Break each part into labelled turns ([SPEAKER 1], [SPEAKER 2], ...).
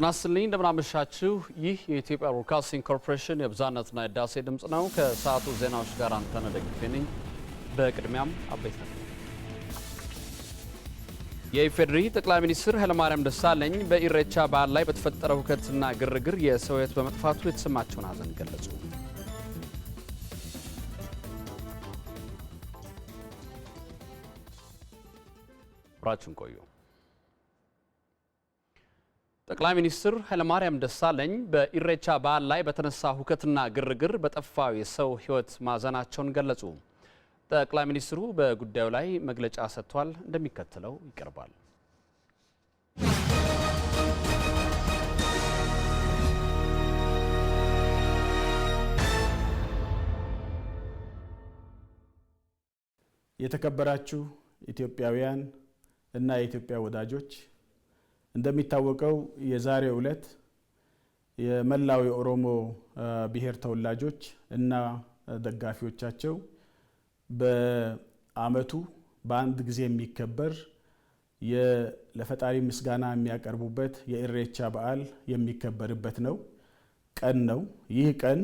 [SPEAKER 1] ጤና ይስጥልኝ እንደምናመሻችሁ። ይህ የኢትዮጵያ ብሮድካስቲንግ ኮርፖሬሽን የብዛነትና የዳሴ ድምፅ ነው። ከሰዓቱ ዜናዎች ጋር አንተነ ደግፌ ነኝ። በቅድሚያም አበይት ነጥቦች። የኢፌዴሪ ጠቅላይ ሚኒስትር ኃይለማርያም ደሳለኝ በኢሬቻ በዓል ላይ በተፈጠረው ሁከትና ግርግር የሰው በመጥፋቱ የተሰማቸውን ሐዘን ገለጹ። አብራችን ቆዩ። ጠቅላይ ሚኒስትር ኃይለማርያም ደሳለኝ በኢሬቻ በዓል ላይ በተነሳ ሁከትና ግርግር በጠፋው የሰው ሕይወት ማዘናቸውን ገለጹ። ጠቅላይ ሚኒስትሩ በጉዳዩ ላይ መግለጫ ሰጥቷል፣ እንደሚከተለው ይቀርባል።
[SPEAKER 2] የተከበራችሁ ኢትዮጵያውያን እና የኢትዮጵያ ወዳጆች እንደሚታወቀው የዛሬው ዕለት የመላው የኦሮሞ ብሔር ተወላጆች እና ደጋፊዎቻቸው በዓመቱ በአንድ ጊዜ የሚከበር ለፈጣሪ ምስጋና የሚያቀርቡበት የኢሬቻ በዓል የሚከበርበት ነው ቀን ነው። ይህ ቀን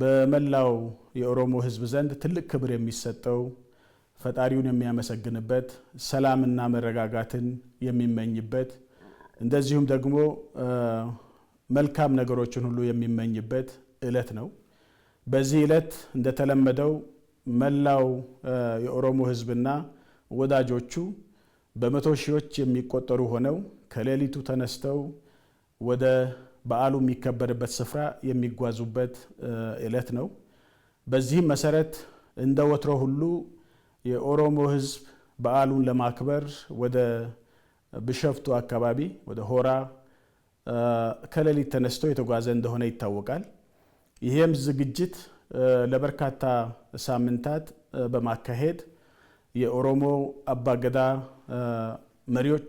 [SPEAKER 2] በመላው የኦሮሞ ሕዝብ ዘንድ ትልቅ ክብር የሚሰጠው ፈጣሪውን የሚያመሰግንበት፣ ሰላምና መረጋጋትን የሚመኝበት እንደዚሁም ደግሞ መልካም ነገሮችን ሁሉ የሚመኝበት እለት ነው። በዚህ እለት እንደተለመደው መላው የኦሮሞ ህዝብና ወዳጆቹ በመቶ ሺዎች የሚቆጠሩ ሆነው ከሌሊቱ ተነስተው ወደ በዓሉ የሚከበርበት ስፍራ የሚጓዙበት እለት ነው። በዚህም መሰረት እንደ ወትሮ ሁሉ የኦሮሞ ህዝብ በዓሉን ለማክበር ወደ ብሸፍቱ አካባቢ ወደ ሆራ ከሌሊት ተነስቶ የተጓዘ እንደሆነ ይታወቃል። ይህም ዝግጅት ለበርካታ ሳምንታት በማካሄድ የኦሮሞ አባገዳ መሪዎች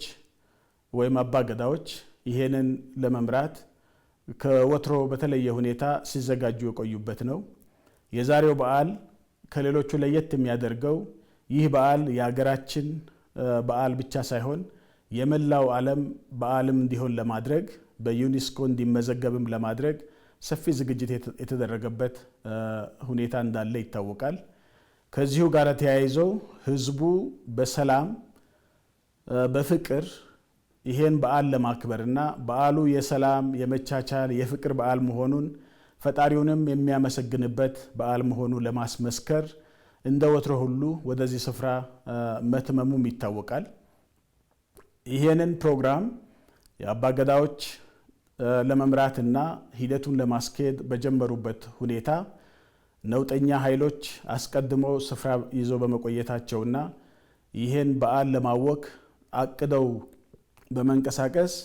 [SPEAKER 2] ወይም አባገዳዎች ይሄንን ለመምራት ከወትሮ በተለየ ሁኔታ ሲዘጋጁ የቆዩበት ነው። የዛሬው በዓል ከሌሎቹ ለየት የሚያደርገው ይህ በዓል የሀገራችን በዓል ብቻ ሳይሆን የመላው ዓለም በዓልም እንዲሆን ለማድረግ በዩኒስኮ እንዲመዘገብም ለማድረግ ሰፊ ዝግጅት የተደረገበት ሁኔታ እንዳለ ይታወቃል። ከዚሁ ጋር ተያይዞ ህዝቡ በሰላም በፍቅር ይሄን በዓል እና በዓሉ የሰላም የመቻቻል የፍቅር በዓል መሆኑን ፈጣሪውንም የሚያመሰግንበት በዓል መሆኑን ለማስመስከር እንደ ወትሮ ሁሉ ወደዚህ ስፍራ መትመሙም ይታወቃል። ይሄንን ፕሮግራም የአባገዳዎች ለመምራትና ሂደቱን ለማስኬድ በጀመሩበት ሁኔታ ነውጠኛ ኃይሎች አስቀድሞ ስፍራ ይዘው በመቆየታቸውና ይህን በዓል ለማወክ አቅደው በመንቀሳቀስ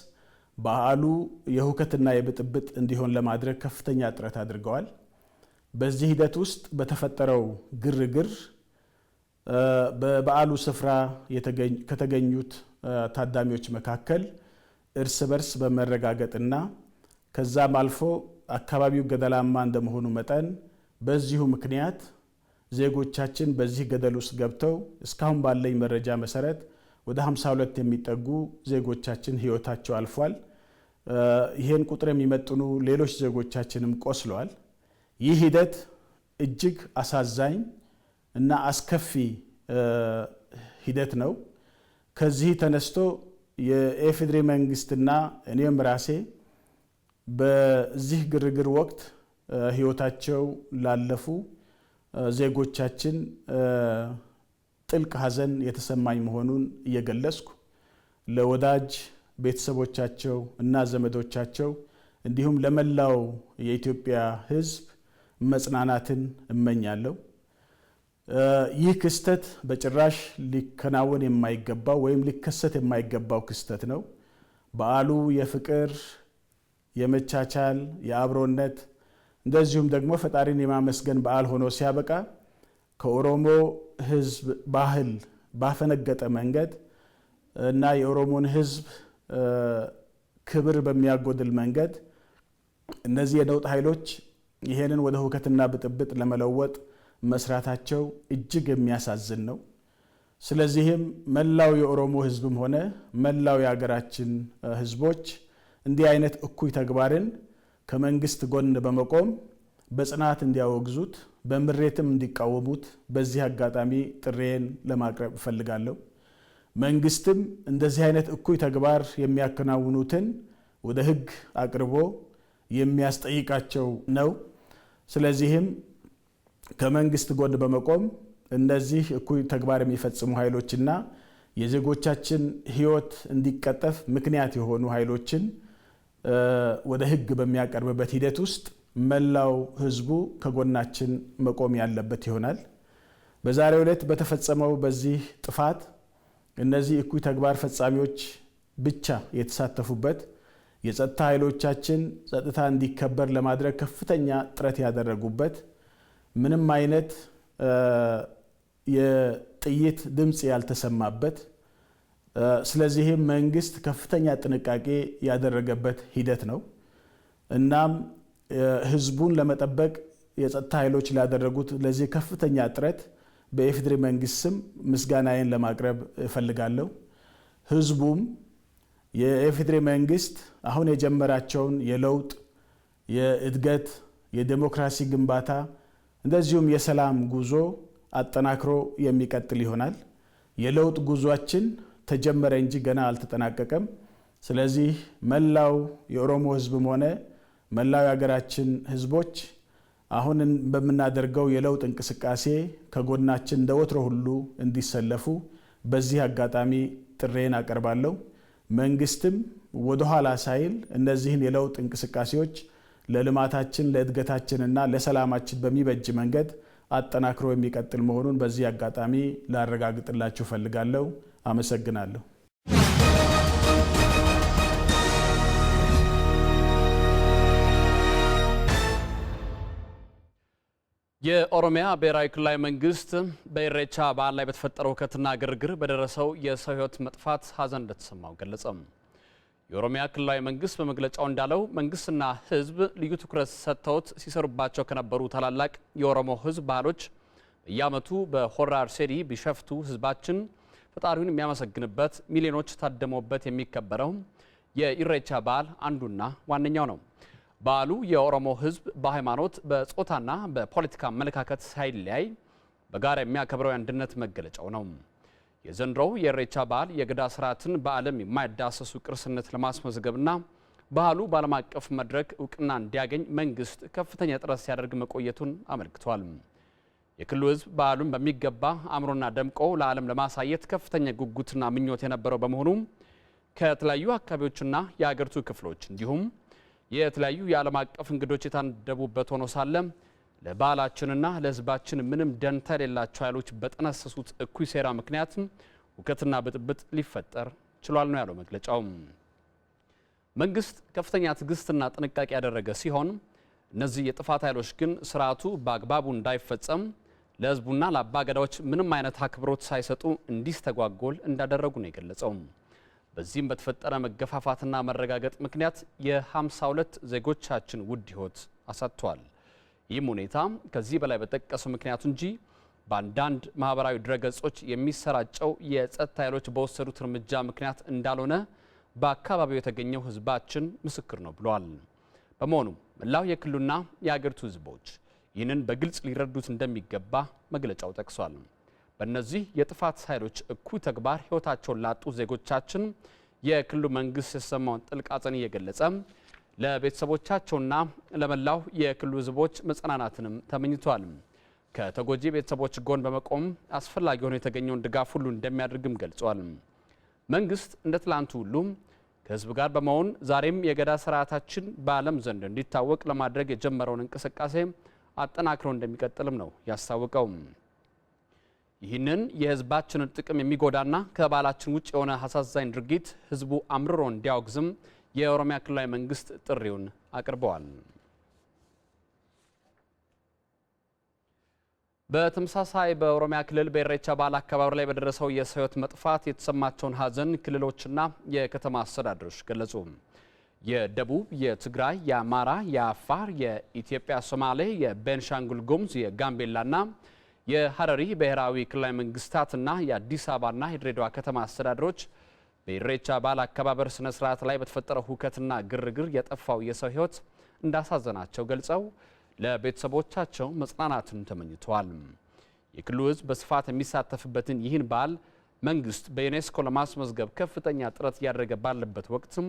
[SPEAKER 2] በዓሉ የሁከትና የብጥብጥ እንዲሆን ለማድረግ ከፍተኛ ጥረት አድርገዋል። በዚህ ሂደት ውስጥ በተፈጠረው ግርግር በበዓሉ ስፍራ ከተገኙት ታዳሚዎች መካከል እርስ በርስ በመረጋገጥና ከዛም አልፎ አካባቢው ገደላማ እንደመሆኑ መጠን በዚሁ ምክንያት ዜጎቻችን በዚህ ገደል ውስጥ ገብተው እስካሁን ባለኝ መረጃ መሰረት ወደ 52 የሚጠጉ ዜጎቻችን ህይወታቸው አልፏል። ይህን ቁጥር የሚመጥኑ ሌሎች ዜጎቻችንም ቆስለዋል። ይህ ሂደት እጅግ አሳዛኝ እና አስከፊ ሂደት ነው። ከዚህ ተነስቶ የኢፌዴሪ መንግስትና እኔም ራሴ በዚህ ግርግር ወቅት ህይወታቸው ላለፉ ዜጎቻችን ጥልቅ ሐዘን የተሰማኝ መሆኑን እየገለጽኩ ለወዳጅ ቤተሰቦቻቸው እና ዘመዶቻቸው እንዲሁም ለመላው የኢትዮጵያ ህዝብ መጽናናትን እመኛለሁ። ይህ ክስተት በጭራሽ ሊከናወን የማይገባው ወይም ሊከሰት የማይገባው ክስተት ነው። በዓሉ የፍቅር፣ የመቻቻል፣ የአብሮነት እንደዚሁም ደግሞ ፈጣሪን የማመስገን በዓል ሆኖ ሲያበቃ ከኦሮሞ ሕዝብ ባህል ባፈነገጠ መንገድ እና የኦሮሞን ሕዝብ ክብር በሚያጎድል መንገድ እነዚህ የነውጥ ኃይሎች ይሄንን ወደ ሁከትና ብጥብጥ ለመለወጥ መስራታቸው እጅግ የሚያሳዝን ነው። ስለዚህም መላው የኦሮሞ ህዝብም ሆነ መላው የሀገራችን ህዝቦች እንዲህ አይነት እኩይ ተግባርን ከመንግስት ጎን በመቆም በጽናት እንዲያወግዙት በምሬትም እንዲቃወሙት በዚህ አጋጣሚ ጥሬን ለማቅረብ እፈልጋለሁ። መንግስትም እንደዚህ አይነት እኩይ ተግባር የሚያከናውኑትን ወደ ህግ አቅርቦ የሚያስጠይቃቸው ነው። ስለዚህም ከመንግስት ጎን በመቆም እነዚህ እኩይ ተግባር የሚፈጽሙ ኃይሎችና የዜጎቻችን ሕይወት እንዲቀጠፍ ምክንያት የሆኑ ኃይሎችን ወደ ሕግ በሚያቀርብበት ሂደት ውስጥ መላው ሕዝቡ ከጎናችን መቆም ያለበት ይሆናል። በዛሬው ዕለት በተፈጸመው በዚህ ጥፋት እነዚህ እኩይ ተግባር ፈጻሚዎች ብቻ የተሳተፉበት የጸጥታ ኃይሎቻችን ጸጥታ እንዲከበር ለማድረግ ከፍተኛ ጥረት ያደረጉበት ምንም አይነት የጥይት ድምፅ ያልተሰማበት ስለዚህም መንግስት ከፍተኛ ጥንቃቄ ያደረገበት ሂደት ነው። እናም ህዝቡን ለመጠበቅ የጸጥታ ኃይሎች ላደረጉት ለዚህ ከፍተኛ ጥረት በኢፌዴሪ መንግስት ስም ምስጋናዬን ለማቅረብ እፈልጋለሁ። ህዝቡም የኢፌዴሪ መንግስት አሁን የጀመራቸውን የለውጥ፣ የእድገት፣ የዴሞክራሲ ግንባታ እንደዚሁም የሰላም ጉዞ አጠናክሮ የሚቀጥል ይሆናል። የለውጥ ጉዟችን ተጀመረ እንጂ ገና አልተጠናቀቀም። ስለዚህ መላው የኦሮሞ ህዝብም ሆነ መላው የሀገራችን ህዝቦች አሁን በምናደርገው የለውጥ እንቅስቃሴ ከጎናችን እንደ ወትሮ ሁሉ እንዲሰለፉ በዚህ አጋጣሚ ጥሬን አቀርባለሁ። መንግስትም ወደኋላ ሳይል እነዚህን የለውጥ እንቅስቃሴዎች ለልማታችን ለእድገታችንና ለሰላማችን በሚበጅ መንገድ አጠናክሮ የሚቀጥል መሆኑን በዚህ አጋጣሚ ላረጋግጥላችሁ ፈልጋለሁ አመሰግናለሁ።
[SPEAKER 1] የኦሮሚያ ብሔራዊ ክልላዊ መንግስት በኢሬቻ በዓል ላይ በተፈጠረው ሁከትና ግርግር በደረሰው የሰው ህይወት መጥፋት ሀዘን እንደተሰማው ገለጸም። የኦሮሚያ ክልላዊ መንግስት በመግለጫው እንዳለው መንግስትና ህዝብ ልዩ ትኩረት ሰጥተውት ሲሰሩባቸው ከነበሩ ታላላቅ የኦሮሞ ህዝብ ባህሎች በየአመቱ በሆራ አርሰዲ ቢሸፍቱ ህዝባችን ፈጣሪውን የሚያመሰግንበት ሚሊዮኖች ታደመበት የሚከበረው የኢሬቻ በዓል አንዱና ዋነኛው ነው። በዓሉ የኦሮሞ ህዝብ በሃይማኖት በጾታና በፖለቲካ አመለካከት ሳይለያይ በጋራ የሚያከብረው የአንድነት መገለጫው ነው። የዘንድሮው የኢሬቻ በዓል የገዳ ስርዓትን በዓለም የማይዳሰሱ ቅርስነት ለማስመዝገብና ባህሉ በዓለም አቀፍ መድረክ እውቅና እንዲያገኝ መንግስት ከፍተኛ ጥረት ሲያደርግ መቆየቱን አመልክቷል። የክልሉ ህዝብ በዓሉን በሚገባ አምሮና ደምቆ ለዓለም ለማሳየት ከፍተኛ ጉጉትና ምኞት የነበረው በመሆኑ ከተለያዩ አካባቢዎችና የሀገሪቱ ክፍሎች እንዲሁም የተለያዩ የዓለም አቀፍ እንግዶች የታደቡበት ሆኖ ሳለም ለባህላችንና ለሕዝባችን ምንም ደንታ የሌላቸው ኃይሎች በጠነሰሱት እኩይ ሴራ ምክንያት ሁከትና ብጥብጥ ሊፈጠር ችሏል ነው ያለው መግለጫው። መንግስት ከፍተኛ ትዕግስትና ጥንቃቄ ያደረገ ሲሆን እነዚህ የጥፋት ኃይሎች ግን ስርዓቱ በአግባቡ እንዳይፈጸም ለህዝቡና ለአባገዳዎች ምንም አይነት አክብሮት ሳይሰጡ እንዲስተጓጎል እንዳደረጉ ነው የገለጸው። በዚህም በተፈጠረ መገፋፋትና መረጋገጥ ምክንያት የ52 ዜጎቻችን ውድ ሕይወት አሳጥቷል። ይህም ሁኔታ ከዚህ በላይ በጠቀሰው ምክንያቱ እንጂ በአንዳንድ ማህበራዊ ድረገጾች የሚሰራጨው የጸጥታ ኃይሎች በወሰዱት እርምጃ ምክንያት እንዳልሆነ በአካባቢው የተገኘው ህዝባችን ምስክር ነው ብሏል። በመሆኑ መላው የክልሉና የአገሪቱ ህዝቦች ይህንን በግልጽ ሊረዱት እንደሚገባ መግለጫው ጠቅሷል። በእነዚህ የጥፋት ኃይሎች እኩይ ተግባር ህይወታቸውን ላጡ ዜጎቻችን የክልሉ መንግስት የተሰማውን ጥልቅ ሐዘን እየገለጸ ለቤተሰቦቻቸውና ለመላው የክልሉ ህዝቦች መጽናናትንም ተመኝቷል። ከተጎጂ ቤተሰቦች ጎን በመቆም አስፈላጊ ሆኖ የተገኘውን ድጋፍ ሁሉ እንደሚያደርግም ገልጿል። መንግስት እንደ ትላንቱ ሁሉ ከህዝብ ጋር በመሆን ዛሬም የገዳ ስርዓታችን በዓለም ዘንድ እንዲታወቅ ለማድረግ የጀመረውን እንቅስቃሴ አጠናክሮ እንደሚቀጥልም ነው ያስታወቀው። ይህንን የህዝባችንን ጥቅም የሚጎዳና ከባህላችን ውጭ የሆነ አሳዛኝ ድርጊት ህዝቡ አምርሮ እንዲያወግዝም የኦሮሚያ ክልላዊ መንግስት ጥሪውን አቅርበዋል። በተመሳሳይ በኦሮሚያ ክልል በኢሬቻ በዓል አካባቢ ላይ በደረሰው የሰው ህይወት መጥፋት የተሰማቸውን ሀዘን ክልሎችና የከተማ አስተዳደሮች ገለጹ። የደቡብ፣ የትግራይ፣ የአማራ፣ የአፋር፣ የኢትዮጵያ ሶማሌ፣ የቤንሻንጉል ጉሙዝ፣ የጋምቤላና የሀረሪ ብሔራዊ ክልላዊ መንግስታትና የአዲስ አበባና የድሬዳዋ ከተማ አስተዳደሮች በኢሬቻ በዓል አከባበር ስነ ስርዓት ላይ በተፈጠረው ሁከትና ግርግር የጠፋው የሰው ህይወት እንዳሳዘናቸው ገልጸው ለቤተሰቦቻቸው መጽናናትን ተመኝተዋል። የክልሉ ህዝብ በስፋት የሚሳተፍበትን ይህን በዓል መንግስት በዩኔስኮ ለማስመዝገብ ከፍተኛ ጥረት እያደረገ ባለበት ወቅትም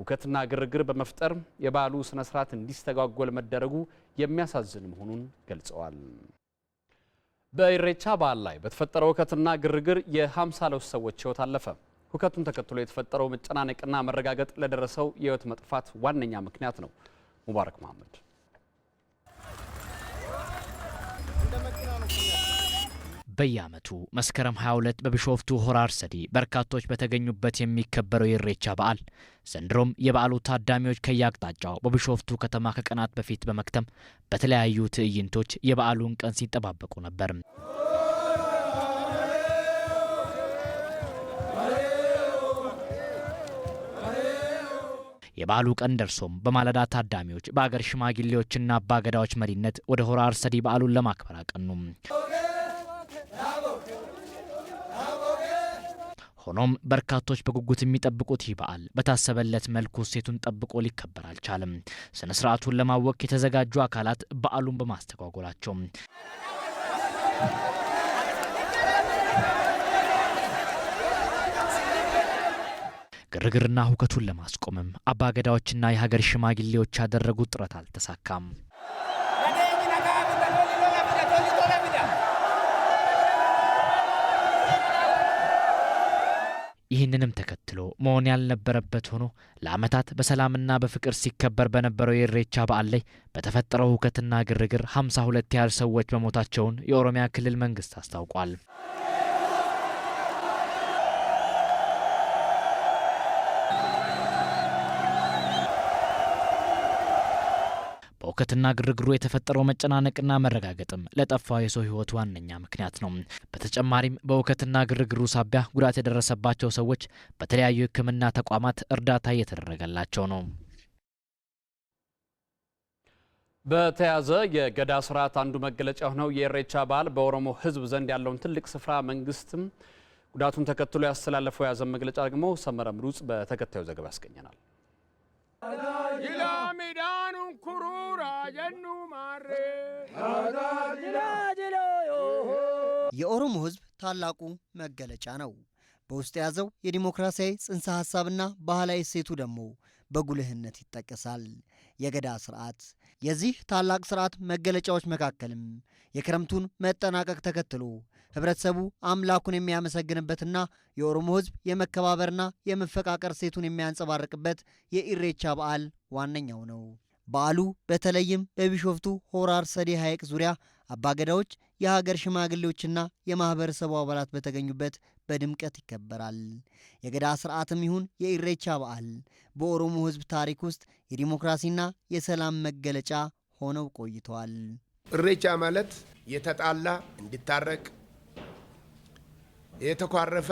[SPEAKER 1] ሁከትና ግርግር በመፍጠር የበዓሉ ስነ ስርዓት እንዲስተጓጎል መደረጉ የሚያሳዝን መሆኑን ገልጸዋል። በኢሬቻ በዓል ላይ በተፈጠረው ሁከትና ግርግር የ50 ለውስ ሰዎች ህይወት አለፈ። ሁከቱን ተከትሎ የተፈጠረው መጨናነቅና መረጋገጥ ለደረሰው የህይወት መጥፋት ዋነኛ ምክንያት ነው። ሙባረክ መሐመድ በየዓመቱ መስከረም 22 በቢሾፍቱ ሆራር ሰዲ በርካቶች በተገኙበት የሚከበረው የኢሬቻ በዓል ዘንድሮም የበዓሉ ታዳሚዎች ከየአቅጣጫው በቢሾፍቱ ከተማ ከቀናት በፊት በመክተም በተለያዩ ትዕይንቶች የበዓሉን ቀን ሲጠባበቁ ነበር። የበዓሉ ቀን ደርሶም በማለዳ ታዳሚዎች በአገር ሽማግሌዎችና አባገዳዎች መሪነት ወደ ሆራ አርሰዲ በዓሉን ለማክበር አቀኑም። ሆኖም በርካቶች በጉጉት የሚጠብቁት ይህ በዓል በታሰበለት መልኩ እሴቱን ጠብቆ ሊከበር አልቻለም። ስነ ስርዓቱን ለማወቅ የተዘጋጁ አካላት በዓሉን በማስተጓጎላቸው ግርግርና ሁከቱን ለማስቆምም አባገዳዎችና የሀገር ሽማግሌዎች ያደረጉት ጥረት አልተሳካም። ይህንንም ተከትሎ መሆን ያልነበረበት ሆኖ ለዓመታት በሰላምና በፍቅር ሲከበር በነበረው የኢሬቻ በዓል ላይ በተፈጠረው ሁከትና ግርግር 52 ያህል ሰዎች መሞታቸውን የኦሮሚያ ክልል መንግስት አስታውቋል። ሁከትና ግርግሩ የተፈጠረው መጨናነቅና መረጋገጥም ለጠፋው የሰው ህይወት ዋነኛ ምክንያት ነው። በተጨማሪም በሁከትና ግርግሩ ሳቢያ ጉዳት የደረሰባቸው ሰዎች በተለያዩ ሕክምና ተቋማት እርዳታ እየተደረገላቸው ነው። በተያዘ የገዳ ስርዓት አንዱ መገለጫ ሆነው የኢሬቻ በዓል በኦሮሞ ህዝብ ዘንድ ያለውን ትልቅ ስፍራ መንግስትም ጉዳቱን ተከትሎ ያስተላለፈው የያዘን መግለጫ ደግሞ ሰመረ ምሩጽ በተከታዩ ዘገባ ያስገኘናል። jila midhaanun kuruuraa jennu maarree የኦሮሞ ህዝብ ታላቁ መገለጫ ነው። በውስጥ የያዘው የዲሞክራሲያዊ ጽንሰ ሐሳብና ባህላዊ እሴቱ ደግሞ በጉልህነት ይጠቀሳል። የገዳ ስርዓት የዚህ ታላቅ ስርዓት መገለጫዎች መካከልም የክረምቱን መጠናቀቅ ተከትሎ ህብረተሰቡ አምላኩን የሚያመሰግንበትና የኦሮሞ ህዝብ የመከባበርና የመፈቃቀር ሴቱን የሚያንጸባርቅበት የኢሬቻ በዓል ዋነኛው ነው። በዓሉ በተለይም በቢሾፍቱ ሆራር ሰዴ ሐይቅ ዙሪያ አባገዳዎች፣ የሀገር ሽማግሌዎችና የማኅበረሰቡ አባላት በተገኙበት በድምቀት ይከበራል። የገዳ ሥርዓትም ይሁን የኢሬቻ በዓል በኦሮሞ ሕዝብ ታሪክ ውስጥ የዲሞክራሲና የሰላም መገለጫ ሆነው ቆይተዋል።
[SPEAKER 3] እሬቻ ማለት የተጣላ እንዲታረቅ የተኳረፈ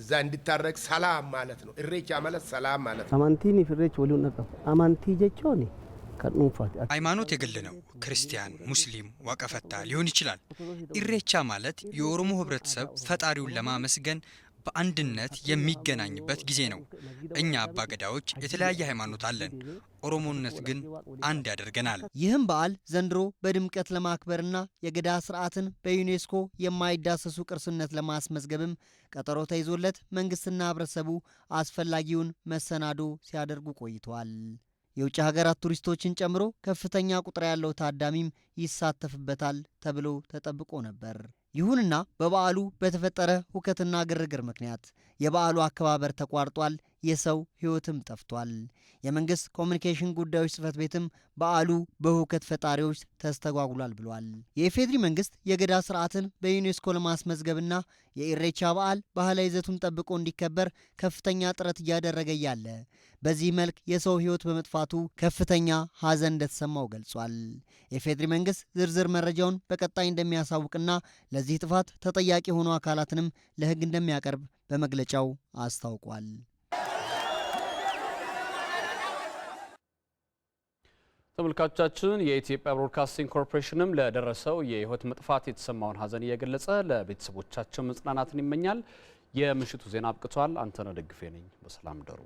[SPEAKER 3] እዛ እንድታረግ ሰላም ማለት ነው። እሬቻ ማለት ሰላም ማለት
[SPEAKER 4] ነው። አማንቲን ፍሬች ወሊውን ነቀም አማንቲ ጀቾኒ
[SPEAKER 1] ሃይማኖት የግል ነው። ክርስቲያን፣ ሙስሊም፣ ዋቀፈታ ሊሆን ይችላል። ኢሬቻ ማለት የኦሮሞ ህብረተሰብ ፈጣሪውን ለማመስገን በአንድነት የሚገናኝበት ጊዜ ነው። እኛ አባገዳዎች የተለያየ ሃይማኖት አለን። ኦሮሞነት ግን አንድ ያደርገናል። ይህም በዓል ዘንድሮ በድምቀት ለማክበርና የገዳ ስርዓትን በዩኔስኮ የማይዳሰሱ ቅርስነት ለማስመዝገብም ቀጠሮ ተይዞለት መንግስትና ህብረተሰቡ አስፈላጊውን መሰናዶ ሲያደርጉ ቆይተዋል። የውጭ ሀገራት ቱሪስቶችን ጨምሮ ከፍተኛ ቁጥር ያለው ታዳሚም ይሳተፍበታል ተብሎ ተጠብቆ ነበር። ይሁንና በበዓሉ በተፈጠረ ሁከትና ግርግር ምክንያት የበዓሉ አከባበር ተቋርጧል። የሰው ሕይወትም ጠፍቷል። የመንግስት ኮሚኒኬሽን ጉዳዮች ጽህፈት ቤትም በዓሉ በሁከት ፈጣሪዎች ተስተጓጉሏል ብሏል። የኢፌድሪ መንግስት የገዳ ስርዓትን በዩኔስኮ ለማስመዝገብና የኢሬቻ በዓል ባህላዊ ይዘቱን ጠብቆ እንዲከበር ከፍተኛ ጥረት እያደረገ እያለ በዚህ መልክ የሰው ሕይወት በመጥፋቱ ከፍተኛ ሐዘን እንደተሰማው ገልጿል። የኢፌድሪ መንግስት ዝርዝር መረጃውን በቀጣይ እንደሚያሳውቅና ለዚህ ጥፋት ተጠያቂ የሆኑ አካላትንም ለሕግ እንደሚያቀርብ በመግለጫው አስታውቋል። ተመልካቾቻችን የኢትዮጵያ ብሮድካስቲንግ ኮርፖሬሽንም ለደረሰው የህይወት መጥፋት የተሰማውን ሀዘን እየገለጸ ለቤተሰቦቻቸው መጽናናትን ይመኛል። የምሽቱ ዜና አብቅቷል። አንተነህ ደግፌ ነኝ። በሰላም ደሩ።